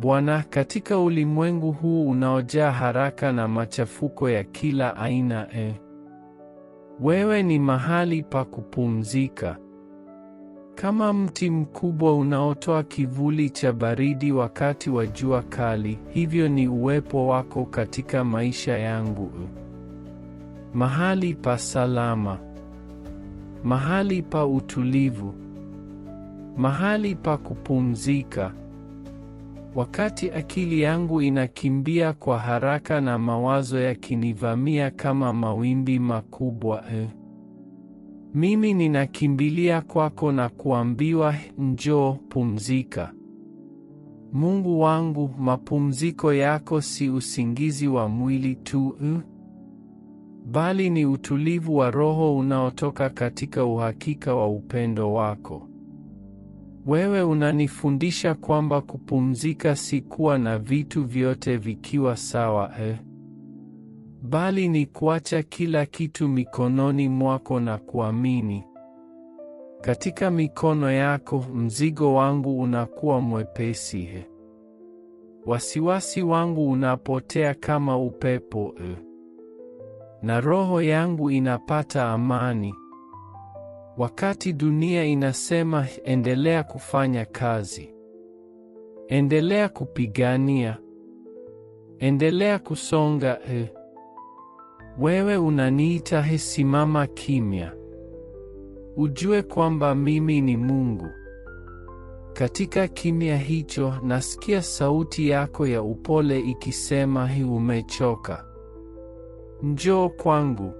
Bwana, katika ulimwengu huu unaojaa haraka na machafuko ya kila aina e, wewe ni mahali pa kupumzika. Kama mti mkubwa unaotoa kivuli cha baridi wakati wa jua kali, hivyo ni uwepo wako katika maisha yangu. E, mahali pa salama. Mahali pa utulivu. Mahali pa kupumzika. Wakati akili yangu inakimbia kwa haraka na mawazo yakinivamia kama mawimbi makubwa eh, mimi ninakimbilia kwako na kuambiwa njoo, pumzika. Mungu wangu, mapumziko yako si usingizi wa mwili tu eh, bali ni utulivu wa roho unaotoka katika uhakika wa upendo wako. Wewe unanifundisha kwamba kupumzika si kuwa na vitu vyote vikiwa sawa eh, bali ni kuacha kila kitu mikononi mwako na kuamini katika mikono yako mzigo wangu unakuwa mwepesi eh. Wasiwasi wangu unapotea kama upepo eh. Na roho yangu inapata amani. Wakati dunia inasema endelea kufanya kazi, endelea kupigania, endelea kusonga, e, wewe unaniita he, eh, simama kimya, ujue kwamba mimi ni Mungu. Katika kimya hicho nasikia sauti yako ya upole ikisema, hi eh, umechoka, njoo kwangu,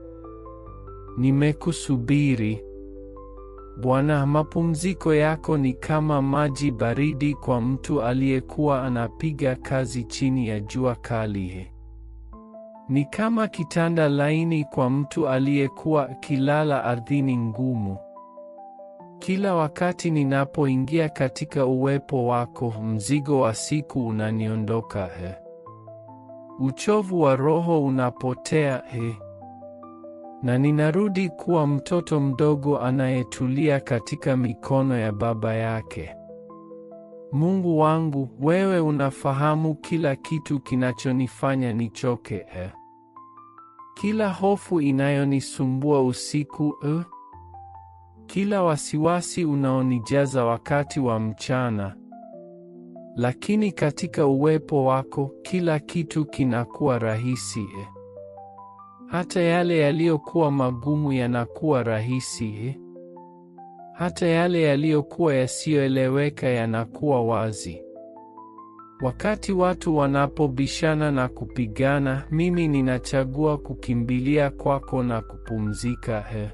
nimekusubiri. Bwana, mapumziko yako ni kama maji baridi kwa mtu aliyekuwa anapiga kazi chini ya jua kali. Ni kama kitanda laini kwa mtu aliyekuwa akilala ardhini ngumu. Kila wakati ninapoingia katika uwepo wako, mzigo wa siku unaniondoka. He. Uchovu wa roho unapotea. He na ninarudi kuwa mtoto mdogo anayetulia katika mikono ya baba yake. Mungu wangu, wewe unafahamu kila kitu kinachonifanya nichoke, eh. Kila hofu inayonisumbua usiku, eh. Kila wasiwasi unaonijaza wakati wa mchana. Lakini katika uwepo wako kila kitu kinakuwa rahisi, eh. Hata yale yaliyokuwa magumu yanakuwa rahisi. Eh? Hata yale yaliyokuwa yasiyoeleweka yanakuwa wazi. Wakati watu wanapobishana na kupigana, mimi ninachagua kukimbilia kwako na kupumzika. He. Eh?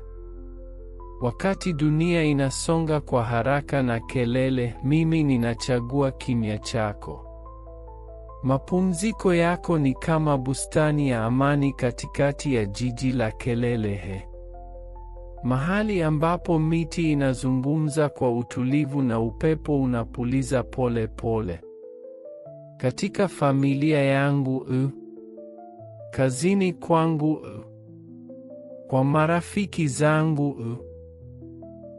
Wakati dunia inasonga kwa haraka na kelele, mimi ninachagua kimya chako. Mapumziko yako ni kama bustani ya amani katikati ya jiji la kelele he. Mahali ambapo miti inazungumza kwa utulivu na upepo unapuliza pole pole. Katika familia yangu uh, kazini kwangu uh, kwa marafiki zangu uh,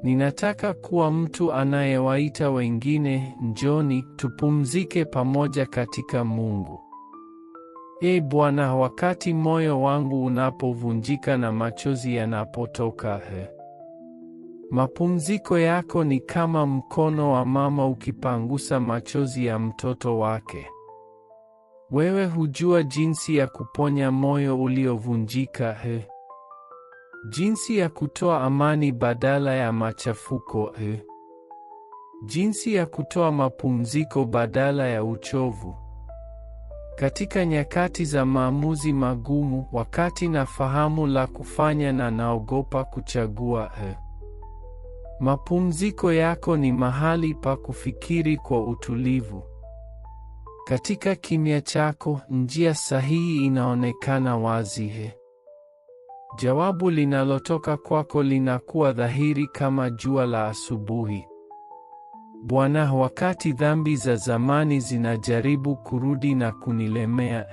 Ninataka kuwa mtu anayewaita wengine, njoni tupumzike pamoja katika Mungu. E Bwana, wakati moyo wangu unapovunjika na machozi yanapotoka, he, mapumziko yako ni kama mkono wa mama ukipangusa machozi ya mtoto wake. Wewe hujua jinsi ya kuponya moyo uliovunjika, he. Jinsi ya kutoa amani badala ya machafuko e. Jinsi ya kutoa mapumziko badala ya uchovu. Katika nyakati za maamuzi magumu, wakati na fahamu la kufanya na naogopa kuchagua e. Mapumziko yako ni mahali pa kufikiri kwa utulivu. Katika kimya chako, njia sahihi inaonekana wazi he. Jawabu linalotoka kwako linakuwa dhahiri kama jua la asubuhi. Bwana, wakati dhambi za zamani zinajaribu kurudi na kunilemea,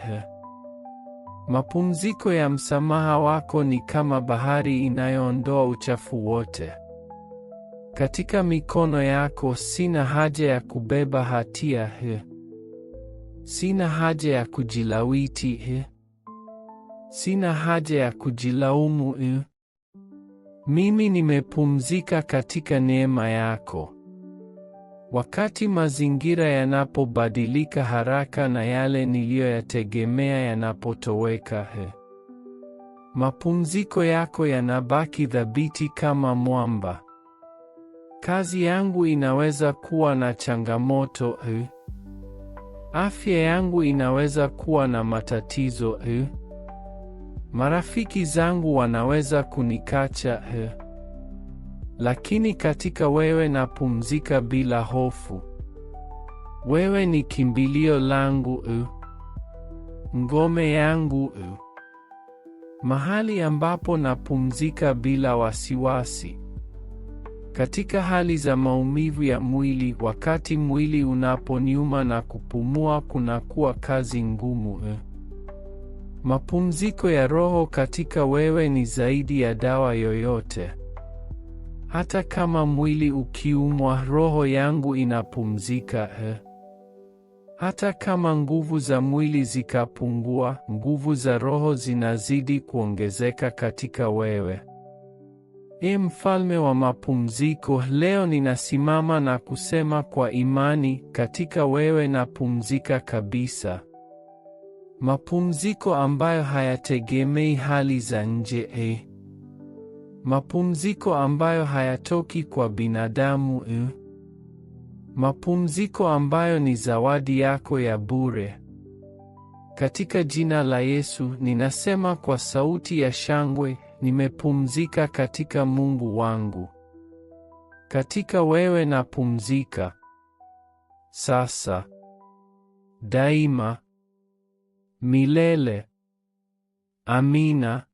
mapumziko ya msamaha wako ni kama bahari inayoondoa uchafu wote. Katika mikono yako sina haja ya kubeba hatia, sina haja ya kujilawiti. Sina haja ya kujilaumu eh? Mimi nimepumzika katika neema yako. Wakati mazingira yanapobadilika haraka na yale niliyoyategemea yanapotoweka, he. Eh. Mapumziko yako yanabaki thabiti kama mwamba. Kazi yangu inaweza kuwa na changamoto, he. Eh. Afya yangu inaweza kuwa na matatizo, he. Eh. Marafiki zangu wanaweza kunikacha he, lakini katika wewe napumzika bila hofu. Wewe ni kimbilio langu u. ngome yangu u. mahali ambapo napumzika bila wasiwasi katika hali za maumivu ya mwili, wakati mwili unaponiuma na kupumua kunakuwa kazi ngumu he. Mapumziko ya roho katika wewe ni zaidi ya dawa yoyote. Hata kama mwili ukiumwa, roho yangu inapumzika eh. Hata kama nguvu za mwili zikapungua, nguvu za roho zinazidi kuongezeka katika wewe. E mfalme wa mapumziko, leo ninasimama na kusema kwa imani, katika wewe napumzika kabisa. Mapumziko ambayo hayategemei hali za nje e. Mapumziko ambayo hayatoki kwa binadamu e. Mapumziko ambayo ni zawadi yako ya bure. Katika jina la Yesu ninasema kwa sauti ya shangwe, nimepumzika katika Mungu wangu. Katika wewe napumzika. Sasa. Daima. Milele. Amina.